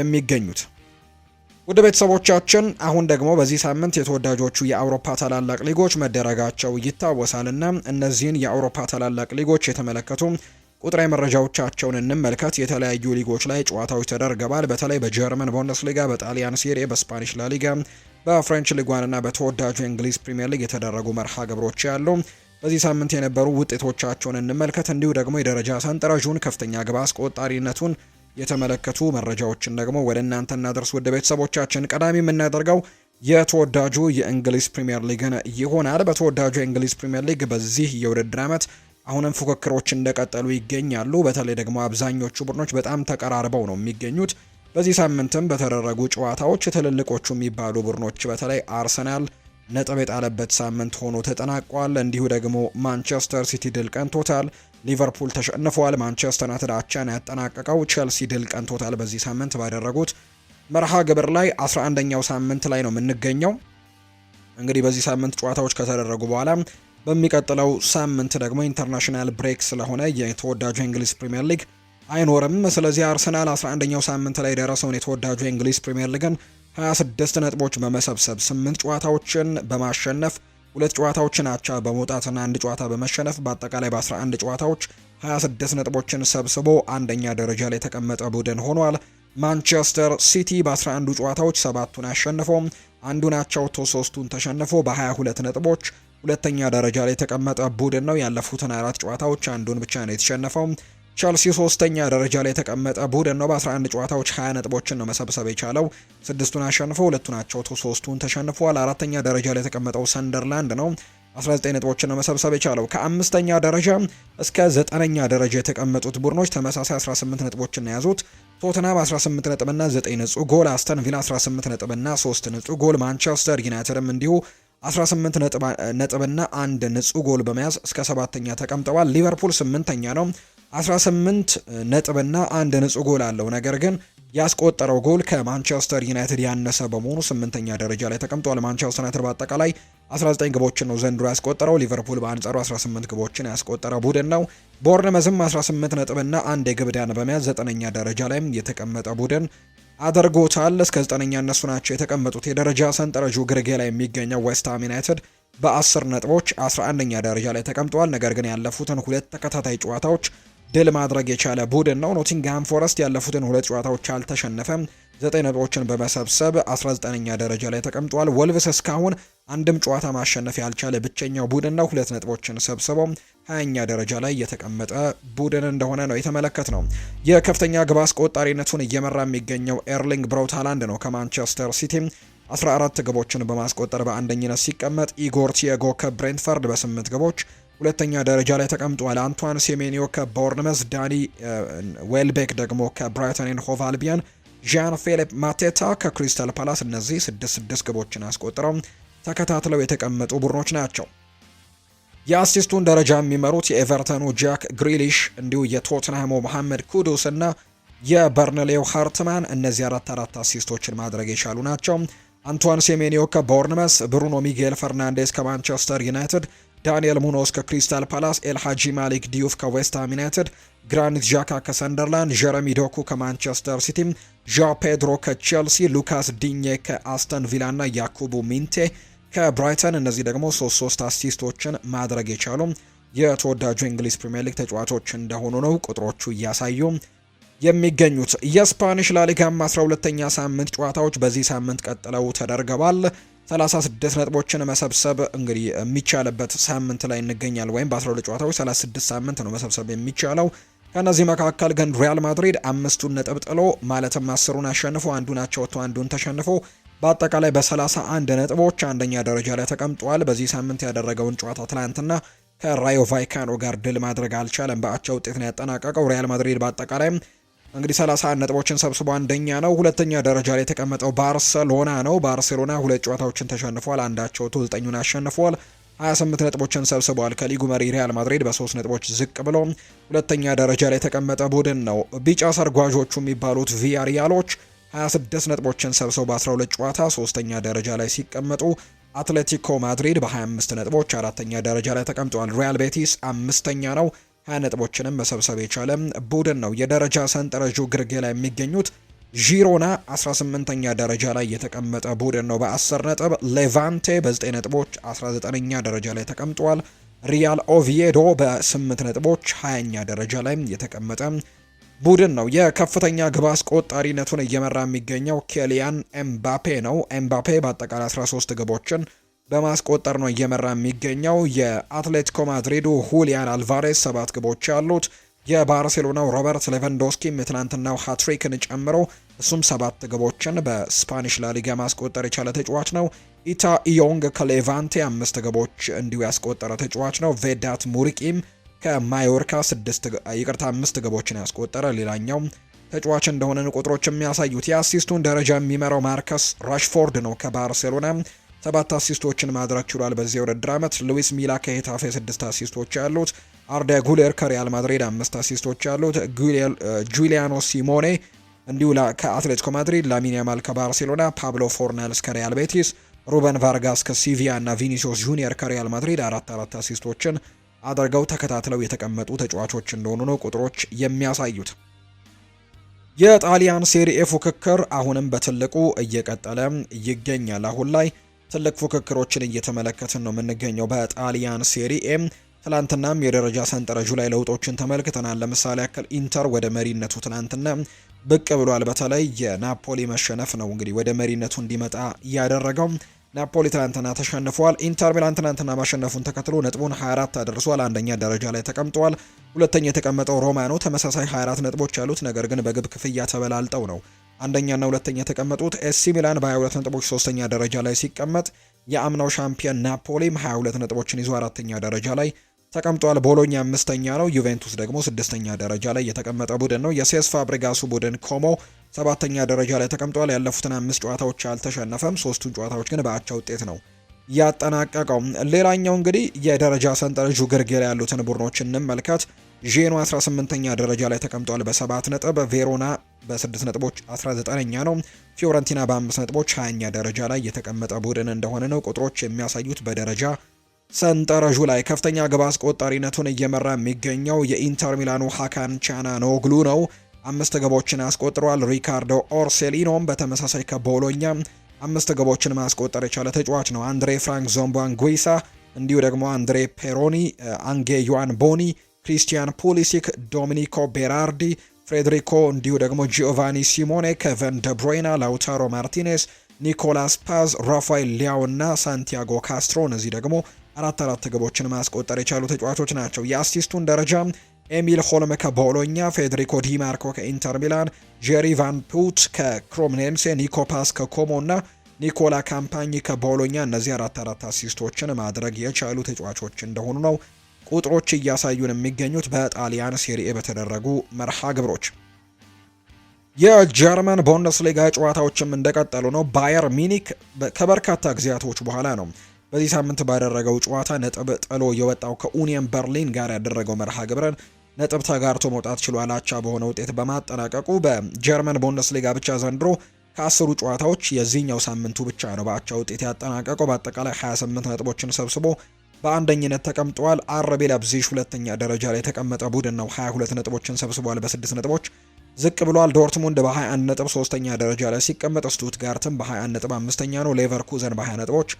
A: የሚገኙት። ውድ ቤተሰቦቻችን አሁን ደግሞ በዚህ ሳምንት የተወዳጆቹ የአውሮፓ ታላላቅ ሊጎች መደረጋቸው ይታወሳልና እነዚህን የአውሮፓ ታላላቅ ሊጎች የተመለከቱ ቁጥራዊ መረጃዎቻቸውን እንመልከት። የተለያዩ ሊጎች ላይ ጨዋታዎች ተደርገዋል። በተለይ በጀርመን ቡንደስሊጋ፣ በጣሊያን ሴሪ፣ በስፓኒሽ ላሊጋ፣ በፍሬንች ሊጓንና በተወዳጁ የእንግሊዝ ፕሪምየር ሊግ የተደረጉ መርሃ ግብሮች ያሉ በዚህ ሳምንት የነበሩ ውጤቶቻቸውን እንመልከት። እንዲሁ ደግሞ የደረጃ ሰንጠረዡን ከፍተኛ ግብ አስቆጣሪነቱን የተመለከቱ መረጃዎችን ደግሞ ወደ እናንተ እናደርስ። ውድ ቤተሰቦቻችን ቀዳሚ የምናደርገው የተወዳጁ የእንግሊዝ ፕሪምየር ሊግን ይሆናል። በተወዳጁ የእንግሊዝ ፕሪምየር ሊግ በዚህ የውድድር ዓመት አሁንም ፉክክሮች እንደቀጠሉ ይገኛሉ። በተለይ ደግሞ አብዛኞቹ ቡድኖች በጣም ተቀራርበው ነው የሚገኙት። በዚህ ሳምንትም በተደረጉ ጨዋታዎች ትልልቆቹ የሚባሉ ቡድኖች በተለይ አርሰናል ነጥብ የጣለበት ሳምንት ሆኖ ተጠናቋል። እንዲሁ ደግሞ ማንቸስተር ሲቲ ድል ቀንቶታል። ሊቨርፑል ተሸንፏል። ማንቸስተር ዩናይትድ አቻን ያጠናቀቀው ቼልሲ ድል ቀንቶታል። በዚህ ሳምንት ባደረጉት መርሃ ግብር ላይ 11ኛው ሳምንት ላይ ነው የምንገኘው። እንግዲህ በዚህ ሳምንት ጨዋታዎች ከተደረጉ በኋላ በሚቀጥለው ሳምንት ደግሞ ኢንተርናሽናል ብሬክ ስለሆነ የተወዳጁ እንግሊዝ ፕሪምየር ሊግ አይኖርም። ስለዚህ አርሰናል 11ኛው ሳምንት ላይ ደረሰውን የተወዳጁ እንግሊዝ ፕሪምየር ሊግን 26 ነጥቦች በመሰብሰብ 8 ጨዋታዎችን በማሸነፍ ሁለት ጨዋታዎችን አቻ በመውጣትና አንድ ጨዋታ በመሸነፍ በአጠቃላይ በ11 ጨዋታዎች 26 ነጥቦችን ሰብስቦ አንደኛ ደረጃ ላይ የተቀመጠ ቡድን ሆኗል። ማንቸስተር ሲቲ በ11ዱ ጨዋታዎች ሰባቱን አሸንፎ አንዱን አቻ ወጥቶ ሶስቱን ተሸንፎ በ22 ነጥቦች ሁለተኛ ደረጃ ላይ የተቀመጠ ቡድን ነው። ያለፉትን አራት ጨዋታዎች አንዱን ብቻ ነው የተሸነፈው። ቸልሲ ሶስተኛ ደረጃ ላይ የተቀመጠ ቡድን ነው። በ11 ጨዋታዎች 20 ነጥቦችን ነው መሰብሰብ የቻለው። ስድስቱን አሸንፎ ሁለቱን አቻውቶ ሶስቱን ተሸንፏል። አራተኛ ደረጃ ላይ የተቀመጠው ሰንደርላንድ ነው። 19 ነጥቦችን ነው መሰብሰብ የቻለው። ከአምስተኛ ደረጃ እስከ ዘጠነኛ ደረጃ የተቀመጡት ቡድኖች ተመሳሳይ 18 ነጥቦችን የያዙት ቶትናም 18 ነጥብና 9 ንጹህ ጎል፣ አስተን ቪላ 18 ነጥብና 3 ንጹህ ጎል፣ ማንቸስተር ዩናይትድም እንዲሁ 18 ነጥብና አንድ ንጹህ ጎል በመያዝ እስከ ሰባተኛ ተቀምጠዋል። ሊቨርፑል ስምንተኛ ነው፣ 18 ነጥብና አንድ ንጹህ ጎል አለው። ነገር ግን ያስቆጠረው ጎል ከማንቸስተር ዩናይትድ ያነሰ በመሆኑ ስምንተኛ ደረጃ ላይ ተቀምጧል። ማንቸስተር ዩናይትድ በአጠቃላይ 19 ግቦችን ነው ዘንድሮ ያስቆጠረው። ሊቨርፑል በአንጻሩ 18 ግቦችን ያስቆጠረ ቡድን ነው። ቦርነመዝም 18 ነጥብና አንድ የግብዳን በመያዝ ዘጠነኛ ደረጃ ላይም የተቀመጠ ቡድን አድርጎታል። እስከ ዘጠነኛ እነሱ ናቸው የተቀመጡት። የደረጃ ሰንጠረዡ ግርጌ ላይ የሚገኘው ዌስትሃም ዩናይትድ በ10 ነጥቦች 11ኛ ደረጃ ላይ ተቀምጠዋል። ነገር ግን ያለፉትን ሁለት ተከታታይ ጨዋታዎች ድል ማድረግ የቻለ ቡድን ነው። ኖቲንግሃም ፎረስት ያለፉትን ሁለት ጨዋታዎች አልተሸነፈም። ዘጠኝ ነጥቦችን በመሰብሰብ 19ኛ ደረጃ ላይ ተቀምጧል። ወልቭስ እስካሁን አንድም ጨዋታ ማሸነፍ ያልቻለ ብቸኛው ቡድን ነው። ሁለት ነጥቦችን ሰብስበው ሀያኛ ደረጃ ላይ የተቀመጠ ቡድን እንደሆነ ነው የተመለከት ነው። የከፍተኛ ግብ አስቆጣሪነቱን እየመራ የሚገኘው ኤርሊንግ ብራውት ነው ከማንቸስተር ሲቲ 14 ግቦችን በማስቆጠር በአንደኝነት ሲቀመጥ፣ ኢጎር ቲየጎ ከብሬንትፈርድ በስምንት ግቦች ሁለተኛ ደረጃ ላይ ተቀምጧል። አንቷን ሴሜኒዮ ከቦርንመስ፣ ዳኒ ዌልቤክ ደግሞ ከብራይተን ኤንድ ሆቭ አልቢያን ዣን ፊሊፕ ማቴታ ከክሪስታል ፓላስ እነዚህ ስድስት ስድስት ግቦችን አስቆጥረው ተከታትለው የተቀመጡ ቡድኖች ናቸው። የአሲስቱን ደረጃ የሚመሩት የኤቨርተኑ ጃክ ግሪሊሽ እንዲሁ የቶትንሃሙ መሐመድ ኩዱስ እና የበርንሌው ሃርትማን እነዚህ አራት አራት አሲስቶችን ማድረግ የቻሉ ናቸው። አንቷን ሴሜኒዮ ከቦርንመስ፣ ብሩኖ ሚጌል ፈርናንዴስ ከማንቸስተር ዩናይትድ፣ ዳንኤል ሙኖስ ከክሪስታል ፓላስ፣ ኤልሃጂ ማሊክ ዲዩፍ ከዌስትሃም ዩናይትድ ግራኒት ዣካ ከሰንደርላንድ፣ ጀረሚ ዶኩ ከማንቸስተር ሲቲ፣ ዣ ፔድሮ ከቼልሲ፣ ሉካስ ዲኜ ከአስተን ቪላ ና ያኩቡ ሚንቴ ከብራይተን እነዚህ ደግሞ ሶስት ሶስት አሲስቶችን ማድረግ የቻሉ የተወዳጁ እንግሊዝ ፕሪምየር ሊግ ተጫዋቾች እንደሆኑ ነው ቁጥሮቹ እያሳዩ የሚገኙት። የስፓኒሽ ላሊጋም 12ተኛ ሳምንት ጨዋታዎች በዚህ ሳምንት ቀጥለው ተደርገዋል። 36 ነጥቦችን መሰብሰብ እንግዲህ የሚቻልበት ሳምንት ላይ እንገኛል። ወይም በ12 ጨዋታዎች 36 ሳምንት ነው መሰብሰብ የሚቻለው። ከእነዚህ መካከል ግን ሪያል ማድሪድ አምስቱን ነጥብ ጥሎ ማለትም አስሩን አሸንፎ አንዱን አቻ ወጥቶ አንዱን ተሸንፎ በአጠቃላይ በ31 ነጥቦች አንደኛ ደረጃ ላይ ተቀምጧል። በዚህ ሳምንት ያደረገውን ጨዋታ ትላንትና ከራዮ ቫይካኖ ጋር ድል ማድረግ አልቻለም። በአቻ ውጤት ነው ያጠናቀቀው። ሪያል ማድሪድ በአጠቃላይ እንግዲህ 31 ነጥቦችን ሰብስቦ አንደኛ ነው። ሁለተኛ ደረጃ ላይ የተቀመጠው ባርሰሎና ነው። ባርሴሎና ሁለት ጨዋታዎችን ተሸንፏል፣ አንዳቸው ቶ ዘጠኙን አሸንፏል። 28 ነጥቦችን ሰብስቧል። ከሊጉ መሪ ሪያል ማድሪድ በሶስት ነጥቦች ዝቅ ብሎ ሁለተኛ ደረጃ ላይ የተቀመጠ ቡድን ነው። ቢጫ ሰርጓዦቹ የሚባሉት ቪያሪያሎች 26 ነጥቦችን ሰብስበው በ12 ጨዋታ ሶስተኛ ደረጃ ላይ ሲቀመጡ አትሌቲኮ ማድሪድ በ25 ነጥቦች አራተኛ ደረጃ ላይ ተቀምጧል። ሪያል ቤቲስ አምስተኛ ነው፣ 20 ነጥቦችንም መሰብሰብ የቻለ ቡድን ነው። የደረጃ ሰንጠረዡ ግርጌ ላይ የሚገኙት ጂሮና 18ኛ ደረጃ ላይ የተቀመጠ ቡድን ነው በ10 ነጥብ። ሌቫንቴ በ9 ነጥቦች 19ኛ ደረጃ ላይ ተቀምጧል። ሪያል ኦቪዬዶ በ8 ነጥቦች 20ኛ ደረጃ ላይ የተቀመጠ ቡድን ነው። የከፍተኛ ግብ አስቆጣሪነቱን እየመራ የሚገኘው ኬሊያን ኤምባፔ ነው። ኤምባፔ በአጠቃላይ 13 ግቦችን በማስቆጠር ነው እየመራ የሚገኘው። የአትሌቲኮ ማድሪዱ ሁሊያን አልቫሬስ ሰባት ግቦች አሉት የባርሴሎናው ሮበርት ሌቫንዶስኪም ትናንትናው ሃትሪክን ጨምሮ እሱም ሰባት ግቦችን በስፓኒሽ ላሊጋ ማስቆጠር የቻለ ተጫዋች ነው። ኢታ ኢዮንግ ከሌቫንቴ አምስት ግቦች እንዲሁ ያስቆጠረ ተጫዋች ነው። ቬዳት ሙሪቂም ከማዮርካ ስድስት ይቅርታ አምስት ግቦችን ያስቆጠረ ሌላኛው ተጫዋች እንደሆነን ቁጥሮች የሚያሳዩት የአሲስቱን ደረጃ የሚመራው ማርከስ ራሽፎርድ ነው። ከባርሴሎና ሰባት አሲስቶችን ማድረግ ችሏል። በዚህ ውድድር ዓመት ሉዊስ ሚላ ከሄታፌ ስድስት አሲስቶች ያሉት አርዳ ጉሌር ከሪያል ማድሪድ አምስት አሲስቶች ያሉት፣ ጁሊያኖ ሲሞኔ እንዲሁ ከአትሌቲኮ ማድሪድ፣ ላሚን ያማል ከባርሴሎና፣ ፓብሎ ፎርናልስ ከሪያል ቤቲስ፣ ሩበን ቫርጋስ ከሲቪያ እና ቪኒሲዮስ ጁኒየር ከሪያል ማድሪድ አራት አራት አሲስቶችን አድርገው ተከታትለው የተቀመጡ ተጫዋቾች እንደሆኑ ነው ቁጥሮች የሚያሳዩት። የጣሊያን ሴሪኤ ፉክክር አሁንም በትልቁ እየቀጠለ ይገኛል። አሁን ላይ ትልቅ ፉክክሮችን እየተመለከትን ነው የምንገኘው በጣሊያን ሴሪኤ ትላንትናም የደረጃ ሰንጠረዡ ላይ ለውጦችን ተመልክተናል። ለምሳሌ ያክል ኢንተር ወደ መሪነቱ ትላንትና ብቅ ብሏል። በተለይ የናፖሊ መሸነፍ ነው እንግዲህ ወደ መሪነቱ እንዲመጣ ያደረገው። ናፖሊ ትላንትና ተሸንፏል። ኢንተር ሚላን ትናንትና ማሸነፉን ተከትሎ ነጥቡን 24 አደርሷል። አንደኛ ደረጃ ላይ ተቀምጠዋል። ሁለተኛ የተቀመጠው ሮማ ነው፣ ተመሳሳይ 24 ነጥቦች ያሉት ነገር ግን በግብ ክፍያ ተበላልጠው ነው አንደኛና ሁለተኛ የተቀመጡት። ኤሲ ሚላን በ22 ነጥቦች ሶስተኛ ደረጃ ላይ ሲቀመጥ የአምናው ሻምፒየን ናፖሊም 22 ነጥቦችን ይዞ አራተኛ ደረጃ ላይ ተቀምጧል። ቦሎኛ አምስተኛ ነው። ዩቬንቱስ ደግሞ ስድስተኛ ደረጃ ላይ የተቀመጠ ቡድን ነው። የሴስ ፋብሪጋሱ ቡድን ኮሞ ሰባተኛ ደረጃ ላይ ተቀምጧል። ያለፉትን አምስት ጨዋታዎች አልተሸነፈም። ሶስቱን ጨዋታዎች ግን በአቻ ውጤት ነው ያጠናቀቀው። ሌላኛው እንግዲህ የደረጃ ሰንጠረዡ ግርጌ ላይ ያሉትን ቡድኖች እንመልከት። ዤኖ 18ኛ ደረጃ ላይ ተቀምጧል በ7 ነጥብ። ቬሮና በ6 ነጥቦች 19ኛ ነው። ፊዮረንቲና በ5 ነጥቦች 20ኛ ደረጃ ላይ የተቀመጠ ቡድን እንደሆነ ነው ቁጥሮች የሚያሳዩት በደረጃ ሰንጠረዡ ላይ ከፍተኛ ግብ አስቆጣሪነቱን እየመራ የሚገኘው የኢንተር ሚላኑ ሀካን ቻናኖግሉ ነው። አምስት ግቦችን አስቆጥሯል። ሪካርዶ ኦርሴሊኖም በተመሳሳይ ከቦሎኛ አምስት ግቦችን ማስቆጠር የቻለ ተጫዋች ነው። አንድሬ ፍራንክ ጉይሳ፣ እንዲሁ ደግሞ አንድሬ ፔሮኒ፣ አንጌ ዮአን ቦኒ፣ ክሪስቲያን ፑሊሲክ፣ ዶሚኒኮ ቤራርዲ፣ ፍሬድሪኮ እንዲሁ ደግሞ ጂኦቫኒ ሲሞኔ፣ ከቨን ደብሮይና፣ ላውታሮ ማርቲኔስ፣ ኒኮላስ ፓዝ፣ ራፋኤል ሊያው እና ሳንቲያጎ ካስትሮ እነዚህ ደግሞ አራት አራት ግቦችን ማስቆጠር የቻሉ ተጫዋቾች ናቸው። የአሲስቱን ደረጃ ኤሚል ሆልም ከቦሎኛ፣ ፌዴሪኮ ዲማርኮ ከኢንተር ሚላን፣ ጄሪ ቫን ፑት ከክሮምኔንሴ፣ ኒኮፓስ ከኮሞ እና ኒኮላ ካምፓኝ ከቦሎኛ እነዚህ አራት አራት አሲስቶችን ማድረግ የቻሉ ተጫዋቾች እንደሆኑ ነው ቁጥሮች እያሳዩን የሚገኙት በጣሊያን ሴሪኤ በተደረጉ መርሃ ግብሮች። የጀርመን ቡንደስሊጋ ጨዋታዎችም እንደቀጠሉ ነው። ባየር ሚኒክ ከበርካታ ጊዜያቶች በኋላ ነው በዚህ ሳምንት ባደረገው ጨዋታ ነጥብ ጥሎ የወጣው ከኡኒየን በርሊን ጋር ያደረገው መርሃ ግብረን ነጥብ ተጋርቶ መውጣት ችሏል። አቻ በሆነ ውጤት በማጠናቀቁ በጀርመን ቡንደስሊጋ ብቻ ዘንድሮ ከአስሩ ጨዋታዎች የዚህኛው ሳምንቱ ብቻ ነው በአቻ ውጤት ያጠናቀቀው። በአጠቃላይ 28 ነጥቦችን ሰብስቦ በአንደኝነት ተቀምጠዋል። አረቤ ለብዚሽ ሁለተኛ ደረጃ ላይ የተቀመጠ ቡድን ነው። 22 ነጥቦችን ሰብስቧል። በ6 ነጥቦች ዝቅ ብሏል። ዶርትሙንድ በ21 ነጥብ ሶስተኛ ደረጃ ላይ ሲቀመጥ፣ ስቱትጋርትም በ21 ነጥብ አምስተኛ ነው። ሌቨርኩዘን በ20 ነጥቦች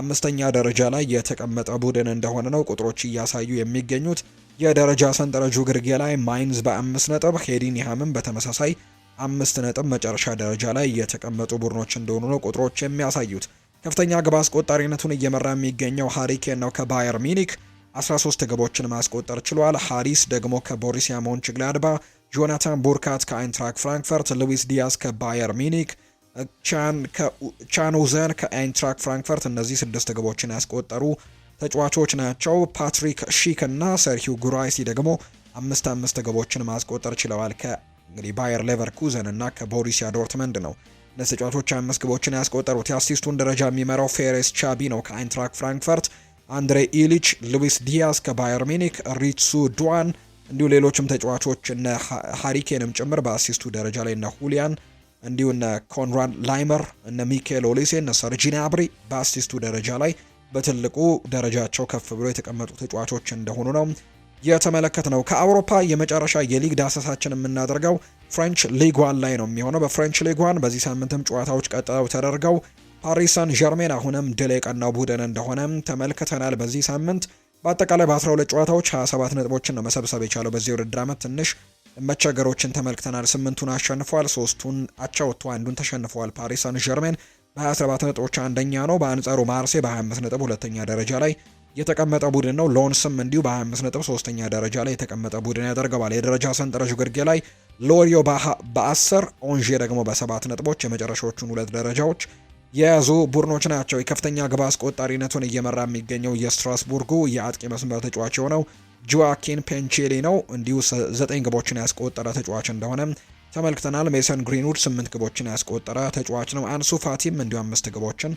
A: አምስተኛ ደረጃ ላይ የተቀመጠ ቡድን እንደሆነ ነው ቁጥሮች እያሳዩ የሚገኙት። የደረጃ ሰንጠረዡ ግርጌ ላይ ማይንዝ በአምስት ነጥብ፣ ሄዲንግሃምን በተመሳሳይ አምስት ነጥብ መጨረሻ ደረጃ ላይ የተቀመጡ ቡድኖች እንደሆኑ ነው ቁጥሮች የሚያሳዩት። ከፍተኛ ግብ አስቆጣሪነቱን እየመራ የሚገኘው ሃሪኬን ነው ከባየር ሚኒክ 13 ግቦችን ማስቆጠር ችሏል። ሃሪስ ደግሞ ከቦሪሲያ ሞንችግላድባ፣ ጆናታን ቡርካት ከአይንትራክ ፍራንክፈርት፣ ሉዊስ ዲያስ ከባየር ሚኒክ ቻኖዘን ከአይንትራክ ፍራንክፈርት እነዚህ ስድስት ግቦችን ያስቆጠሩ ተጫዋቾች ናቸው። ፓትሪክ ሺክ እና ሰርሂው ጉራይሲ ደግሞ አምስት አምስት ግቦችን ማስቆጠር ችለዋል። ከእንግዲህ ባየር ሌቨርኩዘን እና ከቦሪሲያ ዶርትመንድ ነው እነዚህ ተጫዋቾች አምስት ግቦችን ያስቆጠሩት። የአሲስቱን ደረጃ የሚመራው ፌሬስ ቻቢ ነው ከአይንትራክ ፍራንክፈርት። አንድሬ ኢሊች፣ ሉዊስ ዲያስ ከባየር ሚኒክ፣ ሪትሱ ዱዋን እንዲሁ ሌሎችም ተጫዋቾች እነ ሃሪኬንም ጭምር በአሲስቱ ደረጃ ላይ እነ ሁሊያን እንዲሁ እነ ኮንራድ ላይመር፣ እነ ሚካኤል ኦሊሴ፣ እነ ሰርጂኒ አብሪ በአሲስቱ ደረጃ ላይ በትልቁ ደረጃቸው ከፍ ብሎ የተቀመጡ ተጫዋቾች እንደሆኑ ነው የተመለከት ነው። ከአውሮፓ የመጨረሻ የሊግ ዳሰሳችን የምናደርገው ፍሬንች ሊጓን ላይ ነው የሚሆነው። በፍሬንች ሊጓን በዚህ ሳምንትም ጨዋታዎች ቀጥለው ተደርገው ፓሪስ ጀርሜን ዠርሜን አሁንም ድል የቀናው ቡድን እንደሆነ ተመልክተናል። በዚህ ሳምንት በአጠቃላይ በ12 ጨዋታዎች 27 ነጥቦችን ነው መሰብሰብ የቻለው በዚህ ውድድር ዓመት ትንሽ መቸገሮችን ተመልክተናል። ስምንቱን አሸንፏል፣ ሶስቱን አቻ ወጥቶ አንዱን ተሸንፏል። ፓሪስ ሳን ዠርሜን በ27 ነጥቦች አንደኛ ነው። በአንጻሩ ማርሴ በ25 ነጥብ ሁለተኛ ደረጃ ላይ የተቀመጠ ቡድን ነው። ሎንስም እንዲሁ በ25 ነጥብ ሶስተኛ ደረጃ ላይ የተቀመጠ ቡድን ያደርገዋል። የደረጃ ሰንጠረዥ ግርጌ ላይ ሎሪዮ በ10 ኦንዤ ደግሞ በሰባት ነጥቦች የመጨረሻዎቹን ሁለት ደረጃዎች የያዙ ቡድኖች ናቸው። የከፍተኛ ግብ አስቆጣሪነቱን እየመራ የሚገኘው የስትራስቡርጉ የአጥቂ መስመር ተጫዋች የሆነው ጆዋኪን ፔንቼሊ ነው እንዲሁ ዘጠኝ ግቦችን ያስቆጠረ ተጫዋች እንደሆነ ተመልክተናል። ሜሰን ግሪንውድ ስምንት ግቦችን ያስቆጠረ ተጫዋች ነው። አንሱ ፋቲም እንዲሁ አምስት ግቦችን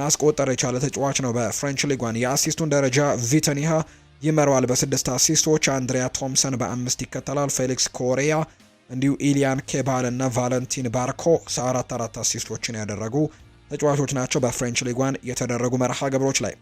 A: ማስቆጠር የቻለ ተጫዋች ነው። በፍሬንች ሊጓን የአሲስቱን ደረጃ ቪተኒሃ ይመራዋል በስድስት አሲስቶች። አንድሪያ ቶምሰን በአምስት ይከተላል። ፌሊክስ ኮሪያ እንዲሁ ኢሊያን ኬባል እና ቫለንቲን ባርኮ አራት አራት አሲስቶችን ያደረጉ ተጫዋቾች ናቸው። በፍሬንች ሊጓን የተደረጉ መርሃ ግብሮች ላይ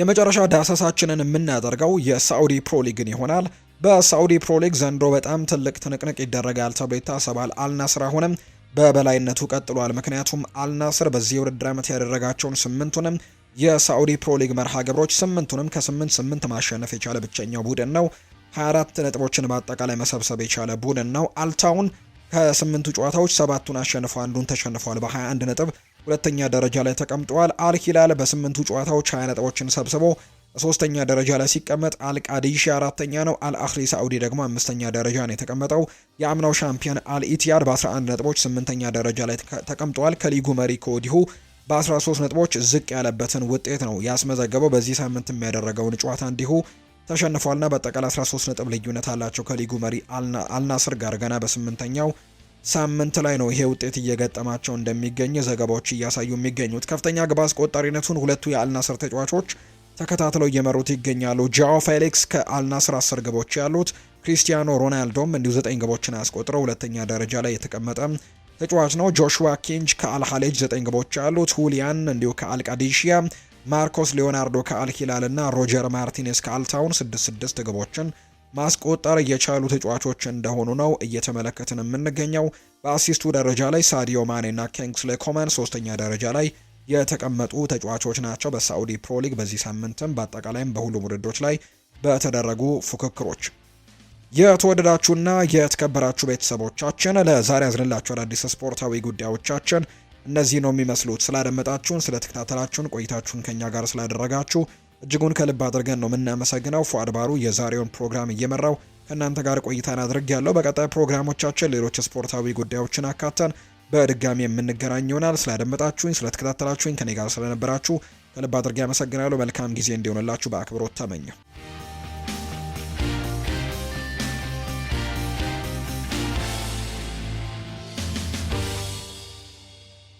A: የመጨረሻ ዳሰሳችንን የምናደርገው የሳዑዲ ፕሮ ሊግን ይሆናል። በሳዑዲ ፕሮ ሊግ ዘንድሮ በጣም ትልቅ ትንቅንቅ ይደረጋል ተብሎ ይታሰባል። አልናስር አሁንም በበላይነቱ ቀጥሏል። ምክንያቱም አልናስር በዚህ የውድድር ዓመት ያደረጋቸውን ስምንቱንም የሳዑዲ ፕሮ ሊግ መርሃ ግብሮች ስምንቱንም ከስምንት ስምንት ማሸነፍ የቻለ ብቸኛው ቡድን ነው። 24 ነጥቦችን በአጠቃላይ መሰብሰብ የቻለ ቡድን ነው። አልታውን ከስምንቱ ጨዋታዎች ሰባቱን አሸንፎ አንዱን ተሸንፏል። በ21 ነጥብ ሁለተኛ ደረጃ ላይ ተቀምጠዋል። አልሂላል በስምንቱ ጨዋታዎች 20 ነጥቦችን ሰብስቦ ሶስተኛ ደረጃ ላይ ሲቀመጥ አልቃዲሺ አራተኛ ነው። አልአህሊ ሳዑዲ ደግሞ አምስተኛ ደረጃ ነው የተቀመጠው። የአምናው ሻምፒዮን አልኢትያድ በ11 ነጥቦች ስምንተኛ ደረጃ ላይ ተቀምጠዋል። ከሊጉ መሪ ከወዲሁ በ13 ነጥቦች ዝቅ ያለበትን ውጤት ነው ያስመዘገበው። በዚህ ሳምንት የሚያደረገውን ጨዋታ እንዲሁ ተሸንፏልና በአጠቃላይ 13 ነጥብ ልዩነት አላቸው ከሊጉ መሪ አልናስር ጋር ገና በስምንተኛው ሳምንት ላይ ነው ይሄ ውጤት እየገጠማቸው እንደሚገኝ ዘገባዎች እያሳዩ የሚገኙት። ከፍተኛ ግብ አስቆጣሪነቱን ሁለቱ የአልናስር ተጫዋቾች ተከታትለው እየመሩት ይገኛሉ። ጃኦ ፌሊክስ ከአልናስር 10 ግቦች ያሉት፣ ክሪስቲያኖ ሮናልዶም እንዲሁ 9 ግቦችን አስቆጥረው ሁለተኛ ደረጃ ላይ የተቀመጠ ተጫዋች ነው። ጆሹዋ ኪንጅ ከአልሃሌጅ 9 ግቦች ያሉት፣ ሁሊያን እንዲሁ ከአልቃዲሺያ ማርኮስ ሊዮናርዶ ከአልኪላልና ሮጀር ማርቲኔስ ከአልታውን ስድስት ስድስት ግቦችን ማስቆጠር የቻሉ ተጫዋቾች እንደሆኑ ነው እየተመለከትን የምንገኘው። በአሲስቱ ደረጃ ላይ ሳዲዮ ማኔና ኪንግስሌ ኮማን ሶስተኛ ደረጃ ላይ የተቀመጡ ተጫዋቾች ናቸው። በሳዑዲ ፕሮሊግ በዚህ ሳምንትም በአጠቃላይም በሁሉም ውድድሮች ላይ በተደረጉ ፉክክሮች የተወደዳችሁና የተከበራችሁ ቤተሰቦቻችን ለዛሬ ያዝንላችሁ አዳዲስ ስፖርታዊ ጉዳዮቻችን እነዚህ ነው የሚመስሉት። ስላደመጣችሁን፣ ስለተከታተላችሁን፣ ቆይታችሁን ከኛ ጋር ስላደረጋችሁ እጅጉን ከልብ አድርገን ነው የምናመሰግነው። ፏድ ባሩ የዛሬውን ፕሮግራም እየመራው ከእናንተ ጋር ቆይታን አድርግ ያለው። በቀጣይ ፕሮግራሞቻችን ሌሎች ስፖርታዊ ጉዳዮችን አካተን በድጋሚ የምንገናኝ ይሆናል። ስላደመጣችሁኝ፣ ስለተከታተላችሁኝ፣ ከኔ ጋር ስለነበራችሁ ከልብ አድርጌ አመሰግናለሁ። መልካም ጊዜ እንዲሆንላችሁ በአክብሮት ተመኘው።